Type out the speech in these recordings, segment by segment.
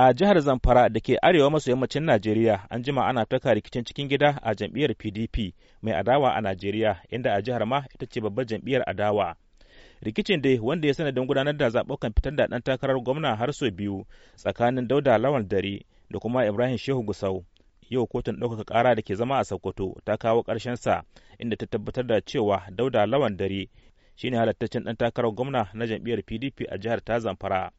a jihar zamfara da ke arewa maso yammacin najeriya an jima ana taka rikicin cikin gida a jam'iyyar pdp mai adawa a najeriya inda a jihar ma ita ce babbar jam'iyyar adawa rikicin dai wanda ya sanadin gudanar da zaɓukan fitar da ɗan takarar gwamna har sau biyu tsakanin dauda lawan dare da kuma ibrahim shehu gusau yau kotun ɗaukaka ƙara da ke zama a sokoto ta kawo ƙarshen sa inda ta tabbatar da cewa dauda lawan dare shine halattacin ɗan takarar gwamna na jam'iyyar pdp a jihar ta zamfara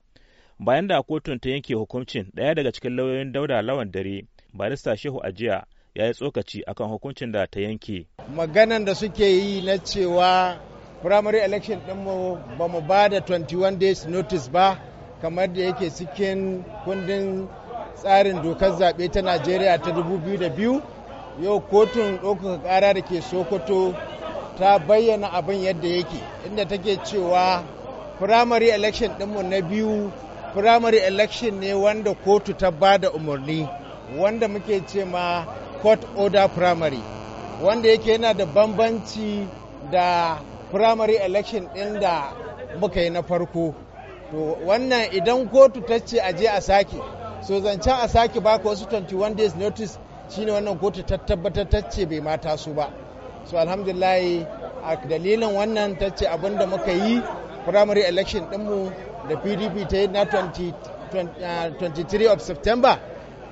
bayan da kotun ta yanke hukuncin ɗaya daga cikin lauyoyin dauda lawan dare barista shehu ajiya ya yi tsokaci akan hukuncin da ta yanke maganan da suke yi na cewa primary election ɗinmu ba mu ba da 21 days notice ba kamar da yake cikin kundin tsarin dokar zaɓe ta najeriya ta 2002 yau kotun ɗaukaka ƙara da ke sokoto ta bayyana abin yadda yake inda take cewa primary election ɗinmu na biyu primary election ne wanda kotu ta ba da umarni wanda muke ce ma court order primary wanda yake yana da bambanci da primary election ɗin da muka yi na farko to wannan idan kotu ta ce a je a sake so zancen a sake baka wasu 21 days notice shine wannan kotu ta tabbatar ta ce bai mata su ba so alhamdulillah a dalilin wannan ta ce abinda muka yi primary election ɗinmu da pdp ta yi na 23 uh, of september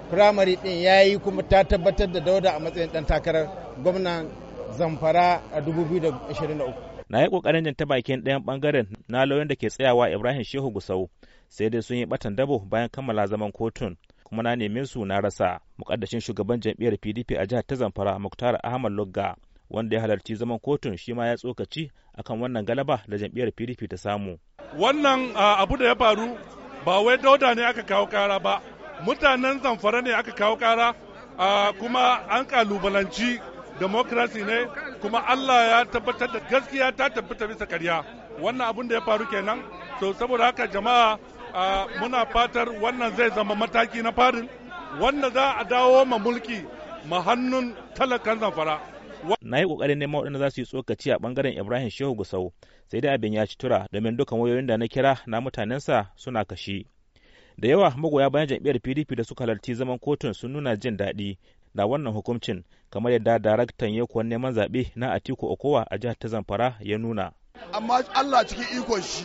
primary din ya yi kuma ta tabbatar da dauda a matsayin dan takarar gwamnan zamfara a 2023 na yi kokarin jin ta bakin ɗayan bangaren na lauyan da ke tsayawa ibrahim shehu gusau sai dai sun yi batan dabo bayan kammala zaman kotun kuma na neme su na rasa mukaddashin shugaban jam'iyyar pdp a jihar ta zamfara muktar ahmad logga wanda ya halarci zaman kotun shi ma ya tsokaci akan wannan galaba da jam'iyyar pdp ta samu wannan abu da ya faru ba wai dauda ne aka kawo kara ba mutanen zamfara ne aka kawo kara kuma an kalubalanci demokrasi ne kuma allah ya tabbatar da gaskiya ta tabbatar bisa karya wannan abun da ya faru kenan to saboda haka jama'a muna fatar wannan zai zama mataki na farin wanda za a dawo ma mulki ma hannun talakan zamfara na yi ƙoƙarin neman waɗanda za su yi tsokaci a ɓangaren ibrahim shehu gusau sai dai abin ya ci tura domin dukkan wayoyin da na kira na mutanensa suna kashi da yawa magoya bayan jam'iyyar pdp da suka halarci zaman kotun sun nuna jin daɗi da wannan hukuncin kamar yadda daraktan yakuwan neman zaɓe na atiku okowa a jihar ta zamfara ya nuna amma allah cikin ikon shi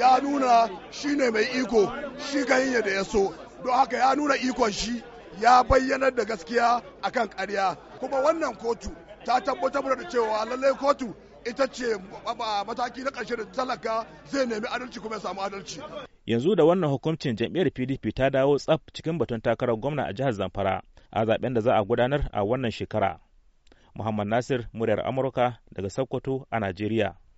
ya nuna shi ne mai iko shi ganin da ya so don haka ya nuna ikon shi ya bayyanar da gaskiya akan karya kuma wannan kotu ta tabbatar da cewa lallai kotu ita ce mataki na ƙarshe da talaka zai nemi adalci kuma ya samu adalci. Yanzu da wannan hukuncin jam'iyyar PDP ta dawo tsaf cikin batun takarar gwamna a jihar Zamfara a zaben da za a gudanar a wannan shekara. Muhammad Nasir, muryar Amurka daga Sokoto a Najeriya.